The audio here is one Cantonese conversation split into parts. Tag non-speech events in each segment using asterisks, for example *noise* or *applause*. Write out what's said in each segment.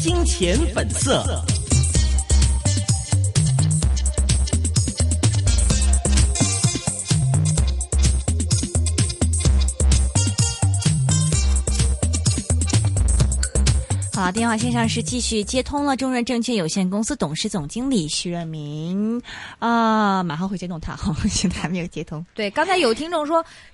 金錢本色。好，電話線上是繼續接通了。中潤證券有限公司董事總經理徐潤民啊、呃，馬上會接通他，哈，現在還沒有接通。對，剛才有聽眾說。 *laughs*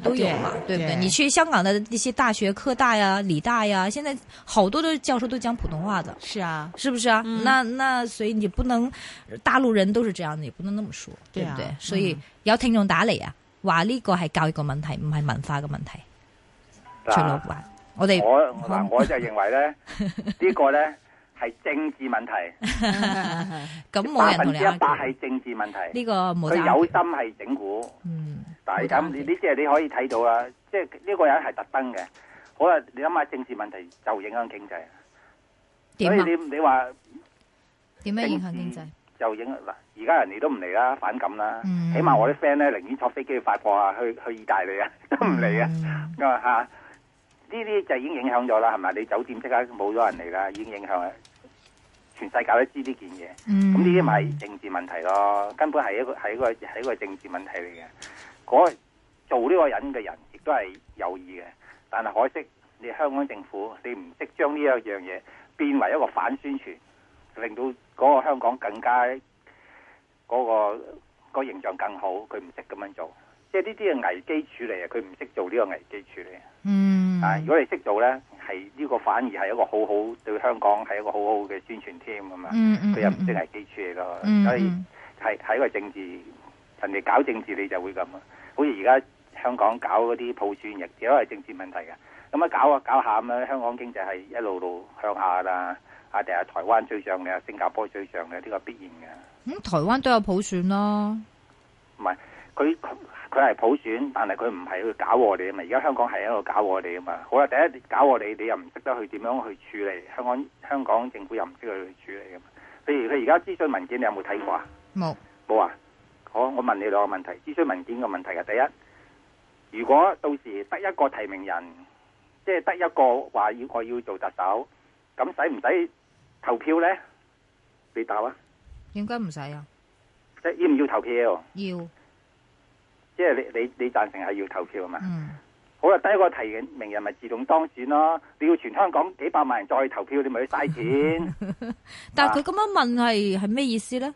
都有嘛，okay，對不對？Okay. 你去香港的那些大學，科大呀、理大呀，現在好多的教授都講普通話的。是啊，是不是啊？嗯、那那所以你不能，大陸人都是這樣的，也不能那麼說，對不對？對啊、所以、嗯、有聽眾打嚟啊，話呢個係教育個問題，唔係文化個問題。我哋我我就認為呢，呢 *laughs* 個呢。係政治問題，咁百分之一百係政治問題。呢個佢有心係整蠱。但係咁你呢？即係你可以睇到啦，即係呢個人係特登嘅。好啊，你諗下政治問題就影響經濟。所以你你話點樣影響經濟？就影嗱，而家人哋都唔嚟啦，反感啦、嗯。起碼我啲 friend 咧寧願坐飛機去法國啊，去去意大利啊，都唔嚟啊。啊、嗯、吓！ *laughs* 呢啲就已經影響咗啦，係咪？你酒店即刻冇咗人嚟啦，已經影響全世界都知呢件嘢。咁呢啲咪政治問題咯，根本係一個係一個係一個政治問題嚟嘅。做呢個人嘅人亦都係有意嘅，但係可惜你香港政府，你唔識將呢一樣嘢變為一個反宣傳，令到嗰個香港更加嗰個、嗰個形象更好，佢唔識咁樣做。即係呢啲嘅危機處理啊，佢唔識做呢個危機處理。嗯，啊，如果你識做咧，係呢個反而係一個好好對香港係一個好好嘅宣傳添啊嘛。佢又唔識危機處理咯。嗯。所以係係一個政治，人哋搞政治你就會咁啊。好似而家香港搞嗰啲普選亦都係政治問題嘅。咁啊，搞啊搞下咁啊，香港經濟係一路路向下啦。啊，定係台灣追上嘅，新加坡追上嘅，呢個必然嘅。咁，嗯，台灣都有普選咯。唔係佢。佢係普選，但係佢唔係去搞我哋啊嘛！而家香港係喺度搞我哋啊嘛！好啦，啊，第一搞我哋，你又唔識得去點樣去處理？香港香港政府又唔識去處理啊嘛！譬如佢而家諮詢文件，你有冇睇過啊？冇，冇啊！好，我問你兩個問題：諮詢文件嘅問題啊！第一，如果到時得一個提名人，即係得一個話要我要做特首，咁使唔使投票呢？你答啊？應該唔使啊！即係要唔要投票？要。即係你你你贊成係要投票啊嘛、嗯？好啦，第一個提名人咪自動當選咯。你要全香港幾百萬人再投票，你咪去嘥錢。 *laughs* 但係佢咁樣問係係咩意思咧？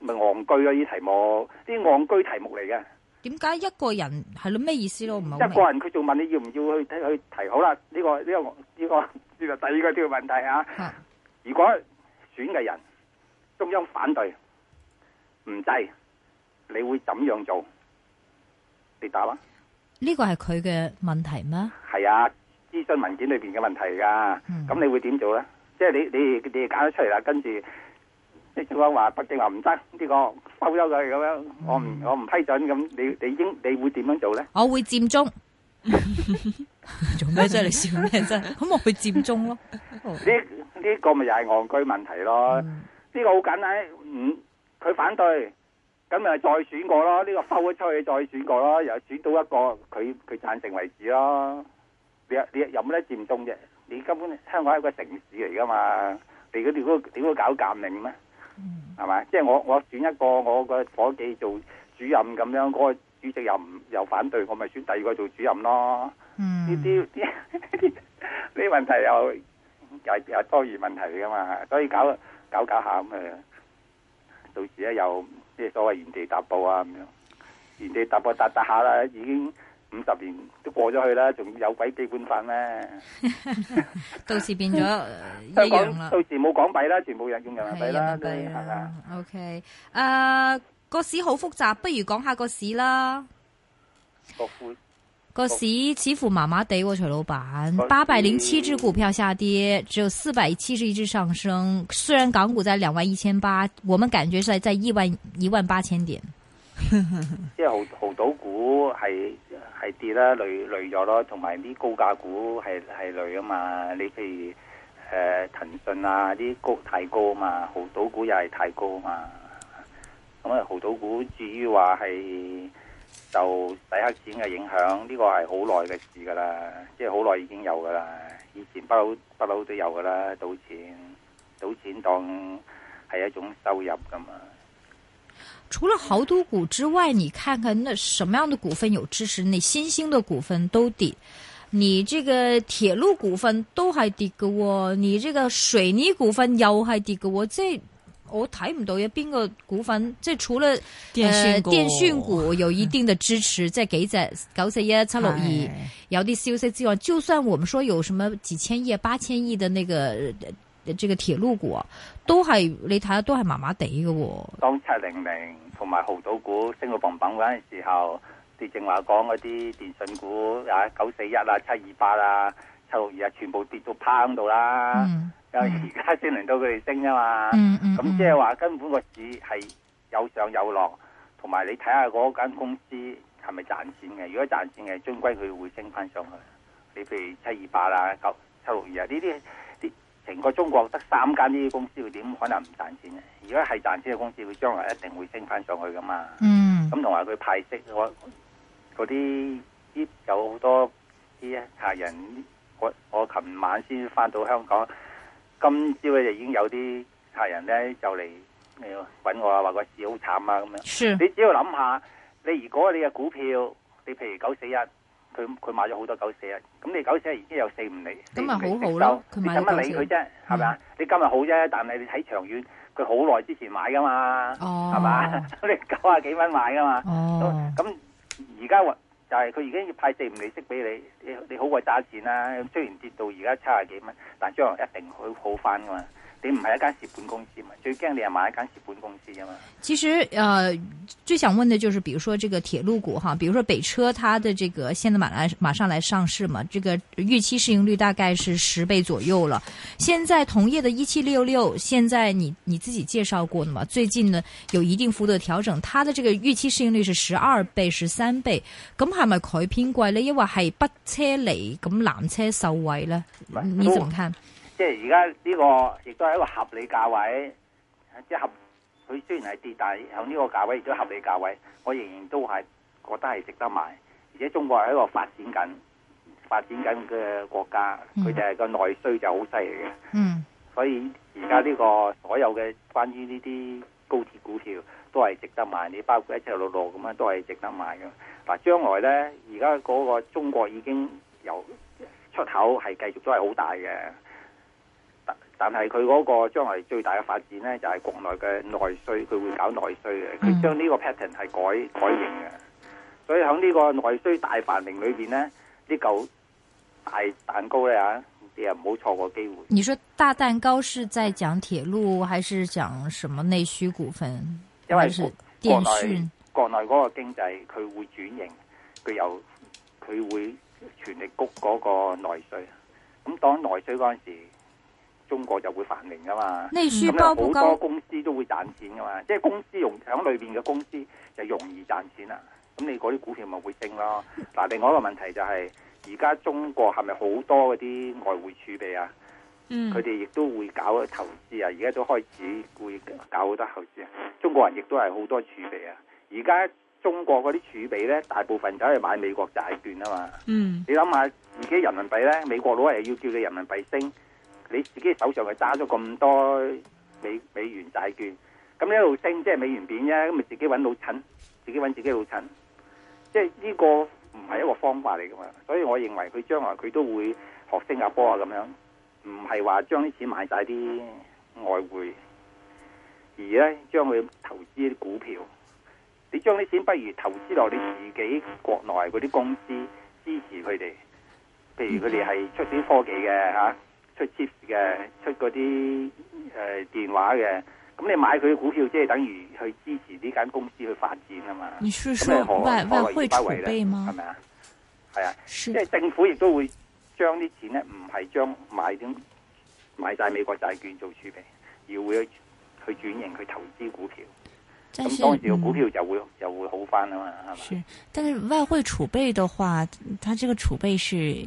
咪戇居咯？呢題目啲戇居題目嚟嘅。點解一個人係咯咩意思咯？唔一個人佢仲問你要唔要去去提好啦？呢、這個呢、這個呢、這個呢、這個第二、這個條、這個、問題啊。 *laughs* 如果選嘅人中央反對唔制，你會怎樣做？你答啦？呢個係佢嘅問題咩？係啊，諮詢文件裏邊嘅問題噶。咁你會點做咧？即係你你你搞咗出嚟啦，跟住你仲有話北京話唔得呢個收咗佢咁樣，我唔我唔批准咁，你你應你會點樣做咧？我會佔中，做咩啫？你笑咩啫？咁我會佔中咯。呢呢個咪又係戇居問題咯？呢個好簡單，嗯，佢反對。咁咪再選過咯，呢、這個拋咗出去，再選過咯，又選到一個佢佢贊成為止咯。你你有咩佔中啫？你根本香港係一個城市嚟噶嘛。你嗰啲嗰啲嗰搞革命咩？係、嗯、咪？即係、就是、我我選一個我個伙計做主任咁樣，嗰、那個主席又唔又反對，我咪選第二個做主任咯？呢啲啲呢啲問題又又多餘問題嚟噶嘛？所以搞搞搞下咁啊，到時咧又～即係所謂原地踏步啊咁樣，原地踏步踏踏下啦，已經五十年都過咗去啦，仲有鬼基本法咩 *laughs* 變、 *laughs* 嗯？到時變咗一樣啦，到時冇港幣啦，全部用用人，人民幣啦，係咪？OK，啊，個市好複雜，不如講下個市啦。個股。個市似乎麻麻哋喎，徐老闆，八百零七隻股票下跌，只有四百七十一隻上升。雖然港股在兩萬一千八，我們感覺是在一萬一萬八千點。即 *laughs* 係豪豪賭股係係跌啦，累累咗咯，同埋啲高價股係係累啊嘛。你譬如誒、呃、騰訊啊，啲高太高嘛，豪賭股又係太高嘛。咁啊，豪賭股至於話係。就洗黑錢嘅影響，呢、這個係好耐嘅事噶啦，即係好耐已經有噶啦，以前不嬲不嬲都有噶啦，賭錢賭錢當係一種收入噶嘛。除咗豪賭股之外，你看看那什麼樣嘅股份有支持？你新興嘅股份都跌，你這個鐵路股份都係跌㗎喎，你這個水泥股份又係跌㗎喎，我即我睇唔到有邊個股份，即係除了誒電訊股，呃、電訊股有一定的支持，即係幾隻九四一七六二有啲消息之外，就算我們說有什麼幾千億八千億的那個這個鐵路股，都係你睇下都係麻麻地嘅喎。當七零零同埋濠賭股升到嘭嘭嗰陣時候，你正話講嗰啲電訊股啊九四一啊、七二八啊。941, 七六二啊，全部跌到趴喺度啦，因為而家先輪到佢哋升吖嘛，咁即係話根本個市係有上有落，同埋你睇下嗰間公司係咪賺錢嘅？如果賺錢嘅，終歸佢會升翻上去。你譬如七二八啦、九七六二啊，呢啲啲成個中國得三間呢啲公司，佢點可能唔賺錢？如果係賺錢嘅公司，佢將來一定會升翻上去噶嘛。嗯，咁同埋佢派息嗰嗰啲，啲有好多啲客人。我我琴晚先翻到香港，今朝咧就已經有啲客人咧就嚟，咩、嗯、啊，搵我啊，話個市好慘啊，咁樣。Sure. 你只要諗下，你如果你嘅股票，你譬如九四一，佢佢買咗好多九四一，咁你九四一已經有四五厘，理，四唔理就，你今日理佢啫，係咪啊？你今日好啫，但係你睇長遠，佢好耐之前買噶嘛，係、oh. *laughs* 嘛？你九啊幾蚊買噶嘛，咁而家。但係佢而家要派四五厘息俾你，你你好鬼揸錢啦。雖然跌到而家七廿幾蚊，但將來一定會好返噶嘛。你唔係一間蝕本公司嘛？最驚你係買一間蝕本公司啊嘛！其實，誒、呃，最想問的就是，比如說這個鐵路股哈，比如說北車，它的這個現在馬上馬上來上市嘛，這個預期市盈率大概是十倍左右了。現在同業的一七六六，現在你你自己介紹過的嘛？最近呢有一定幅度的調整，它的這個預期市盈率是十二倍、十三倍。咁係咪可以偏貴咧？亦話係北車嚟咁南車受惠呢？你怎麼看？No. 即係而家呢個亦都係一個合理價位，即係合。佢雖然係跌，但係響呢個價位亦都合理價位，我仍然都係覺得係值得買。而且中國係一個發展緊、發展緊嘅國家，佢就係個內需就好犀利嘅。嗯，所以而家呢個所有嘅關於呢啲高鐵股票都係值得買，你包括一七六六咁樣都係值得買嘅。嗱，將來咧，而家嗰個中國已經由出口係繼續都係好大嘅。.但係佢嗰個將來最大嘅發展咧，就係、是、國內嘅內需，佢會搞內需嘅，佢將呢個 pattern 係改、嗯、改型嘅。所以喺呢個內需大繁榮裏邊咧，呢、這、嚿、個、大蛋糕咧吓，你又唔好錯過機會。你說大蛋糕是在講鐵路，還是講什麼內需股份？因為是電訊。國內嗰個經濟佢會轉型，佢又佢會全力谷嗰個內需。咁當內需嗰陣時。中國就會繁榮噶嘛？咁好多公司都會賺錢噶嘛？即係公司用響裏邊嘅公司就容易賺錢啦。咁你嗰啲股票咪會升咯。嗱，另外一個問題就係而家中國係咪好多嗰啲外匯儲備啊？嗯，佢哋亦都會搞投資啊！而家都開始會搞好多投資。中國人亦都係好多儲備啊！而家中國嗰啲儲備咧，大部分走去買美國債券啊嘛。嗯，你諗下，而家人民幣咧，美國佬係要叫你人民幣升。你自己手上係揸咗咁多美美元債券，咁一路升即係、就是、美元貶啫，咁咪自己搵老襯，自己搵自己老襯。即係呢個唔係一個方法嚟噶嘛，所以我認為佢將來佢都會學新加坡啊咁樣，唔係話將啲錢買大啲外匯，而咧將佢投資啲股票。你將啲錢不如投資落你自己國內嗰啲公司，支持佢哋，譬如佢哋係出啲科技嘅吓。啊出嘅，出嗰啲誒電話嘅，咁你買佢股票，即係等於去支持呢間公司去發展啊嘛。你係唔係說你外匯、外匯儲備嗎？係咪啊？係啊，即係政府亦都會將啲錢咧，唔係將買啲買晒美國債券做儲備，而會去去轉型去投資股票。咁當時嘅股票就會就會好翻啊嘛。係、嗯。是，但是外匯儲備的話，它這個儲備是。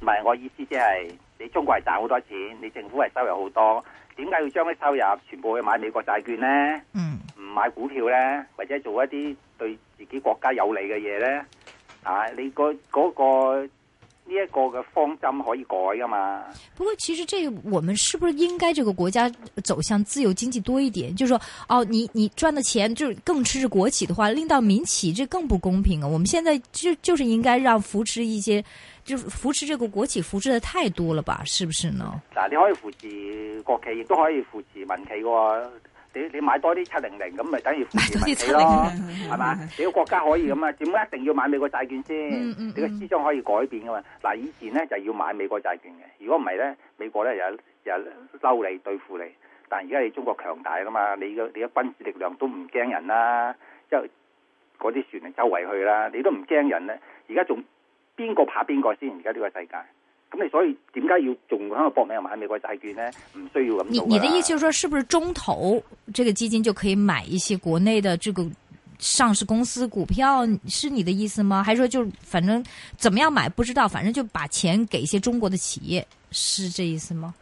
唔係，我意思即係你中國係賺好多錢，你政府係收入好多，點解要將啲收入全部去買美國債券呢？唔、嗯、買股票呢？或者做一啲對自己國家有利嘅嘢呢？啊，你個嗰、那個呢一、這個嘅方針可以改噶嘛？不過其實、這個，這我們是不是應該，這個國家走向自由經濟多一點？就是、說哦，你你賺的錢就更黐住國企的話，令到民企，這更不公平啊！我們現在就就是應該讓扶持一些。就扶持這個國企扶持得太多了吧，是不是呢？嗱，你可以扶持國企，亦都可以扶持民企噶。你你買多啲七零零咁咪等於扶持民企咯，係嘛？你、嗯、個國家可以咁啊？點解一定要買美國債券先、嗯嗯嗯？你個思想可以改變噶嘛？嗱，以前咧就是、要買美國債券嘅，如果唔係咧，美國咧又又嬲你對付你。但而家你中國強大啦嘛，你嘅你嘅軍事力量都唔驚人啦，即係嗰啲船嚟周圍去啦，你都唔驚人咧。而家仲。邊個怕邊個先？而家呢個世界，咁你所以點解要仲喺度搏命買美國債券咧？唔需要咁。你你的意思就係說，是不是中投這個基金就可以買一些國內的這個上市公司股票？是你的意思嗎？還是說就反正怎麼樣買不知道，反正就把錢給一些中國的企業，是這意思嗎？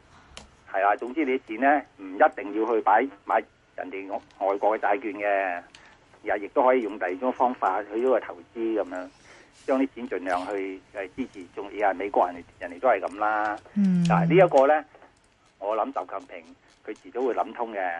係啊，總之你啲錢咧唔一定要去擺買人哋外國嘅債券嘅，又亦都可以用第二種方法去個投資咁樣。將啲錢盡量去誒支持，仲而家美國人哋人哋都係咁啦。但係呢一個咧，我諗習近平佢遲早會諗通嘅。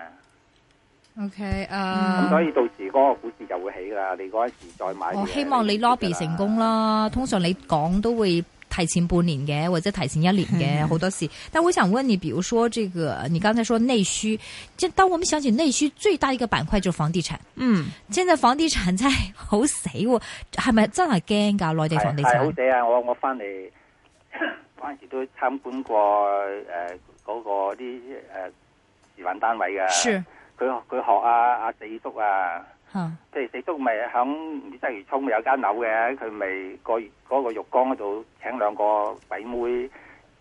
OK，啊，咁所以到時嗰個股市就會起㗎啦。你嗰時再買，我希望你 lobby 成功啦。通常你講都會。提前半年嘅或者提前一年嘅好、嗯、多事，但我想問你，比如說這個，你剛才說內需，就當我們想起內需最大一個板塊就是房地產，嗯，現在房地產真係好死，係咪真係驚噶內地房地產？好死啊！我我翻嚟嗰陣時都參觀過誒嗰、呃那個啲誒、呃、示範單位嘅，佢佢學阿阿四叔啊。即係四叔咪響鰂魚涌有間樓嘅，佢咪個個浴缸嗰度請兩個鬼妹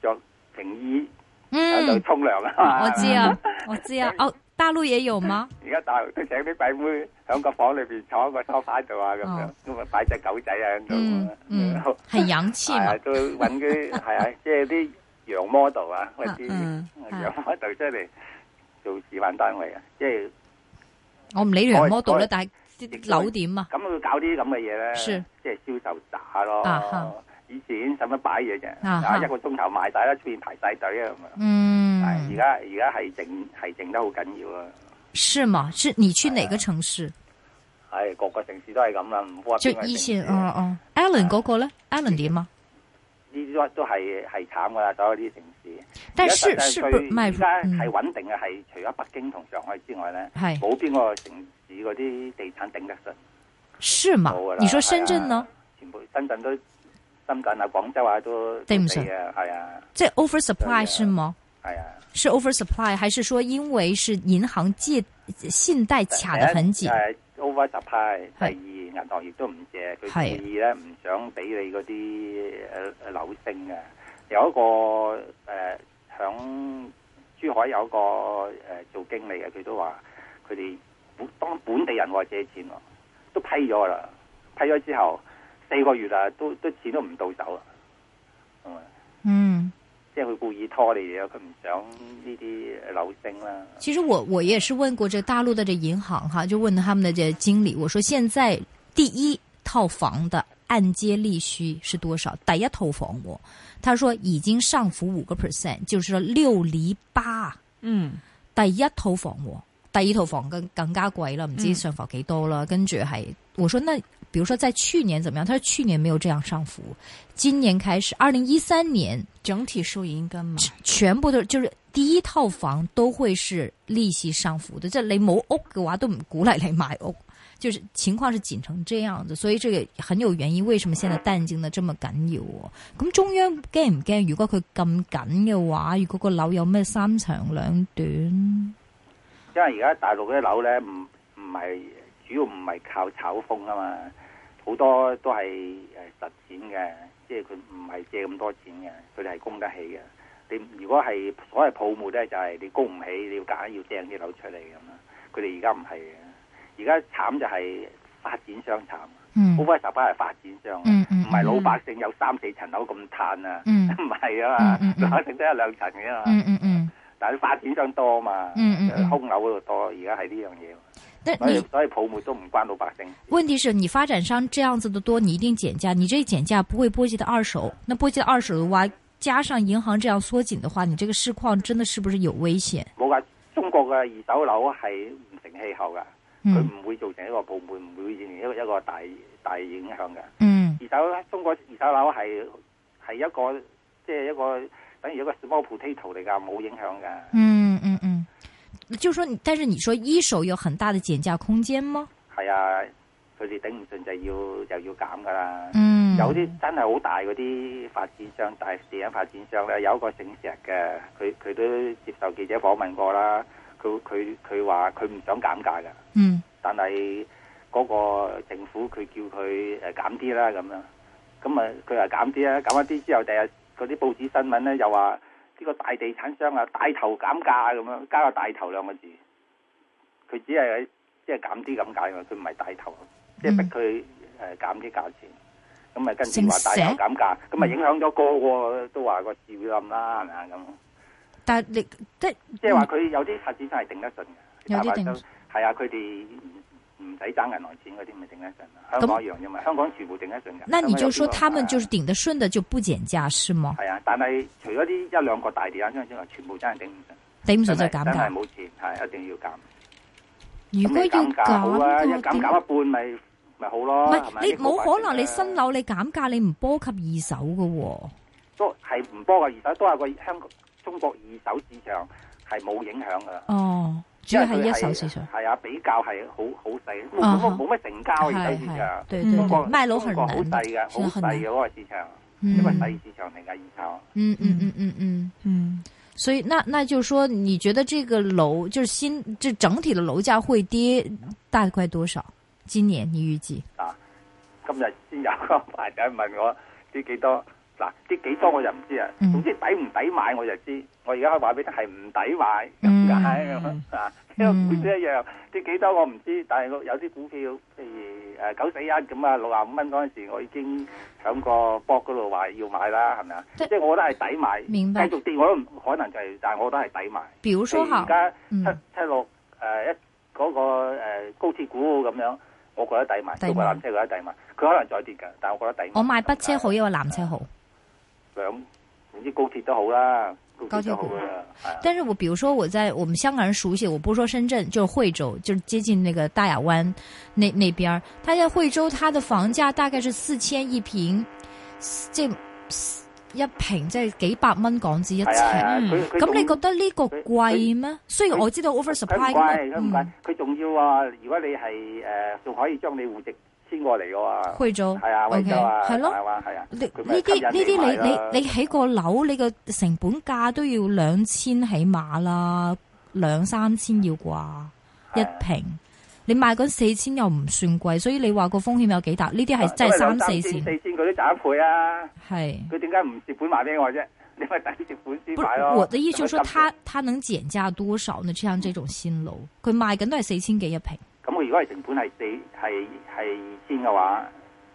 着平衣喺度沖涼啦。我知啊，我知啊。哦，大陸嘢有嗎？而家大陸都請啲鬼妹響個房裡邊坐個梳化裡面樣樣樣樣一個沙發度啊，咁樣咁啊擺隻狗仔啊喺度咁啊。嗯，好，很洋氣係啊，都搵啲係啊，即係啲洋 model 啊，或啲洋 model 出嚟做示範單位啊，即係。我唔理量 model 咧，但係啲樓點啊？咁佢搞啲咁嘅嘢咧，即係銷售打咯。Uh -huh. 以前使乜擺嘢嘅？啊、uh -huh.，一個鐘頭賣晒啦，出面排晒隊啊。嗯、uh -huh.。而家而家係整係整得好緊要啊。是嗎？是你去哪個城市？係、啊、各個城市都係咁啦。就以前，Allen 嗰個咧，Allen 點啊？呢啲都係係係慘㗎啦，所有啲城市。但係實際上係穩定嘅，係、嗯、除咗北京同上海之外咧，冇邊個城市嗰啲地產頂得順。是嘛？你話深圳呢？啊、全部深圳都、深圳啊、廣州啊都跌啊，係啊。即係 over supply 是麼、啊？係啊。是 over supply，還是說因為是銀行借信貸卡得很緊？係 over supply 係。銀行亦都唔借，佢故意咧唔想俾你嗰啲誒誒流聲嘅。有一個誒響、呃、珠海有一個誒、呃、做經理嘅，佢都話佢哋當本地人借錢喎，都批咗啦。批咗之後四個月啦，都都錢都唔到手啊。嗯，嗯，即係佢故意拖你嘢，佢唔想呢啲扭聲啦。其實我我也是問過這大陸的這銀行哈，就問他們的這經理，我說現在。第一套房的按揭利息是多少？第一套房屋，他說已經上浮五個 percent，就是說六厘八。嗯，第一套房我，第一套房更更加貴了，唔知上浮幾多啦。嗯。跟住係我說那，比如說在去年怎麼樣？他說去年沒有這樣上浮，今年開始，二零一三年整體收益應該嘛？全部都就是第一套房都會是利息上浮的，即係你冇屋嘅話都唔鼓勵你買屋。就是情況是緊成這樣子，所以這個很有原因，為什麼現在彈性得這麼緊要哦？咁中央驚唔驚？如果佢咁緊嘅話，如果個樓有咩三長兩短？因為而家大陸啲樓咧，唔唔係主要唔係靠炒風啊嘛，好多都係誒實錢嘅，即係佢唔係借咁多錢嘅，佢哋係供得起嘅。你如果係所謂泡沫咧，就係、是、你供唔起，你要揀要掟啲樓出嚟咁啦。佢哋而家唔係嘅。而家慘就係發展商慘，好鬼十把係發展商，唔、嗯、係、嗯、老百姓有三四層樓咁嘆啊，唔係啊嘛、嗯嗯，老百姓都係一兩層嘅嘛，嗯嗯嗯、但係發展商多嘛，嗯嗯、空樓嗰度多，而家係呢樣嘢，所以所以泡沫都唔關老百姓。問題是你發展商這樣子的多，你一定減價，你這減價不會波及到二手，那波及到二手的話，加上銀行這樣縮緊的話，你這個市況真的是不是有危險？冇噶，中國嘅二手樓係唔成氣候噶。佢、嗯、唔會造成一個部門，唔會形成一個一個大大影響嘅。嗯。二手中國二手樓係係一個即係、就是、一個等於一個 small potato 嚟㗎，冇影響嘅。嗯嗯嗯。就係、是、話，但是你話一手有很大的減價空間嗎？係啊，佢哋頂唔順就要又要減㗎啦。嗯。有啲真係好大嗰啲發展商，大大型發展商咧，有一個醒石嘅，佢佢都接受記者訪問過啦。佢佢佢話佢唔想減價噶、嗯，但係嗰個政府佢叫佢誒減啲啦咁樣，咁啊佢話減啲啊，減一啲之後第日嗰啲報紙新聞咧又話呢、呢個大地產商啊帶頭減價咁樣加個帶頭兩個字，佢只係即係減啲咁解噶，佢唔係帶頭，即、嗯、係、即係、逼佢誒減啲價錢，咁啊跟住話帶頭減價，咁、嗯、啊影響咗個個都話個市冧啦，係咪啊咁？但係你即即係話佢有啲發展商係頂得順嘅，有啲係啊，佢哋唔使爭銀行錢嗰啲咪頂得順，香港一樣啫嘛。香港全部頂得順嘅。咁，那你就說他們就是頂得順的就不減價是嗎？係啊，但係除咗啲一兩個大地產商之外，全部真係頂唔順。頂唔順就減價，真係冇錢，係、啊、一定要減。如果要減，佢減、啊、減，減一半咪咪好咯？唔係你冇可能你新樓你減價你唔波及二手噶、哦，都係唔波及二手，都係個香港。中國二手市場係冇影響㗎喇，哦、oh,，主要係一手市場，係啊，比較係好好細，冇乜、uh -huh. 成交二手嘅，個個個個好細嘅，好細嘅嗰個市場，嗯、因為細市場定係二手。嗯嗯嗯嗯嗯嗯，所以那那就說，你覺得這個樓，就是新，就整體的樓價會跌大概多少？今年你預計？啊，今日先有個朋友問我跌幾多？嗱，跌幾多我就唔知啊，總之抵唔抵買我就知。我而家話俾你聽，係唔抵買，咁解啊？呢個股都一樣，跌幾多我唔知，但係我有啲股票譬如誒九四一咁啊，六廿五蚊嗰陣時，我已經響個博嗰度話要買啦，係咪啊？即係我覺得係抵買，繼續跌我都唔可能就係，但係我覺得係抵買。譬如而家七七六誒一嗰個誒高鐵股咁樣，我覺得抵買，同藍車覺得抵買。佢可能再跌㗎，但係我覺得抵買。我買北車好，因為藍車好。兩唔知高鐵都好啦，高鐵好高鐵是、啊、但是我，比如說我在我們香港人熟悉，我不是說深圳，就是惠州，就是接近那個大亞灣那那邊，他在惠州它的房價大概是四千一平，即係一平，即係幾百蚊港紙一尺、啊。嗯，咁你覺得呢個貴咩？雖然我知道 over supply。唔貴，唔係，佢仲要啊！如果你係誒，仲、呃、可以將你戶籍。邊個嚟嘅哇？去咗係啊，去咗係咯，係啊。呢啲呢啲，你你你起個樓，你個、啊、成本價都要兩千起碼啦，兩三千要啩、啊、一平。啊、你賣嗰四千又唔算貴，所以你話個風險有幾大？呢啲係真係三,三千四千，四千佢都賺一倍啊。係佢點解唔蝕本賣俾我啫？你咪等蝕本先買咯、啊。不是我的意思，就是說他他，他能減價多少呢？像這種新樓，佢、嗯、賣緊都係四千幾一平。如果成本係四係係二千嘅話，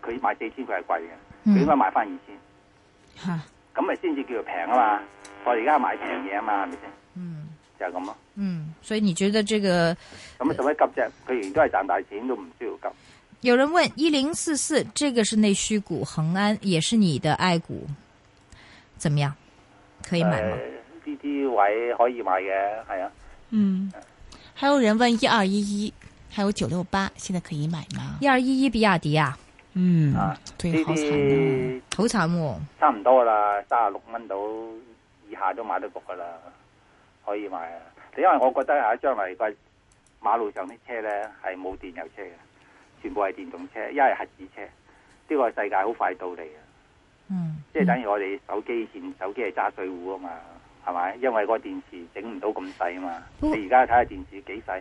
佢買四千佢係貴嘅，佢、嗯、應該買翻二千，咁咪先至叫做平啊嘛！啊我哋而家買平嘢啊嘛，係咪先？嗯，就係咁咯。嗯，所以你覺得這個咁使乜急啫？佢而家係賺大錢都唔需要急。有人問：一零四四，這個是內需股，恒安也是你的愛股，怎麼樣？可以買嗎？呢、呃、啲位可以買嘅，係啊。嗯，還有人問：一二一一。還有九六八，現在可以買嗎？一二一一比亞迪啊，嗯，啊，對、啊，好好慘、哦、差唔多啦，三十六蚊到以下都買得過噶啦，可以買啊。因為我覺得啊，將來個馬路上啲車咧係冇電油車嘅，全部係電動車，一係核子車，呢、這個世界好快到嚟啊。嗯，即、就、係、是、等於我哋手機以前手機係揸水壺啊嘛，係咪？因為個電池整唔到咁細啊嘛，哦、你而家睇下電池幾細。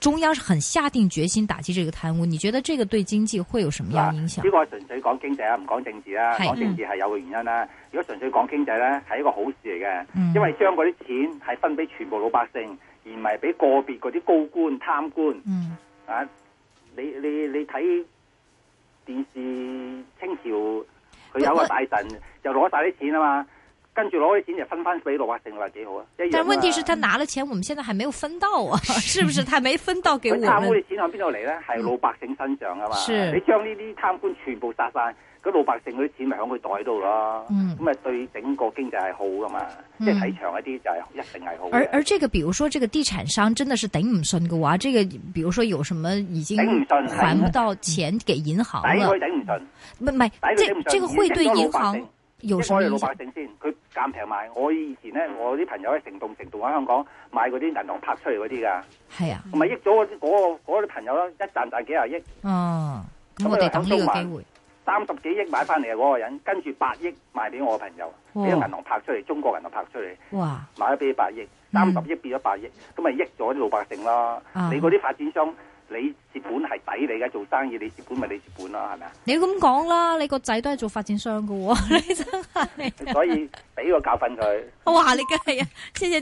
中央是很下定決心打擊這個貪污，你覺得這個對經濟會有什麼樣的影響？呢、這個純粹講經濟呀，唔講政治呀，講政治係有個原因啦、嗯。如果純粹講經濟呢，係一個好事嚟嘅、嗯，因為將嗰啲錢係分俾全部老百姓，而唔係俾個別嗰啲高官貪官、嗯。啊，你你你睇電視清朝佢有個大臣就攞晒啲錢啊嘛。跟住攞啲錢就分翻俾老百姓了，咪幾好啊！但問題是他拿了錢、嗯，我們現在還沒有分到啊，是不是？他沒分到給我們，他貪污啲錢響邊度嚟咧？係老百姓身上啊嘛、嗯是！你將呢啲貪官全部殺晒，那老百姓嗰啲錢咪響佢袋度咯。咁、嗯、咪對整個經濟係好噶嘛？嗯、即係睇長一啲就係一定係好的。而而這個，比如說這個地產商真的是頂唔順嘅話，這個比如說有什麼已經唔還唔到錢給銀行了，頂唔順。唔係，這這個會對銀行。要我老百姓先，佢減平賣。我以前咧，我啲朋友喺成棟成棟喺香港買嗰啲銀行拍出嚟嗰啲噶，係啊，同埋益咗嗰嗰啲朋友啦，一賺賺幾廿億。哦、啊，咁我哋等呢個機三十幾億買翻嚟啊！嗰個人跟住八億賣俾我的朋友，俾個銀行拍出嚟，中國人行拍出嚟。哇！賣咗俾佢八億，三十億變咗八億，咁咪益咗啲老百姓咯、啊。你嗰啲發展商。你蝕本係抵你而家做生意，你蝕本咪你蝕本咯，係咪啊？你咁講啦，你個仔都係做發展商嘅喎，你真係啊。所以俾個教訓佢。哇！你梗係啊，多謝。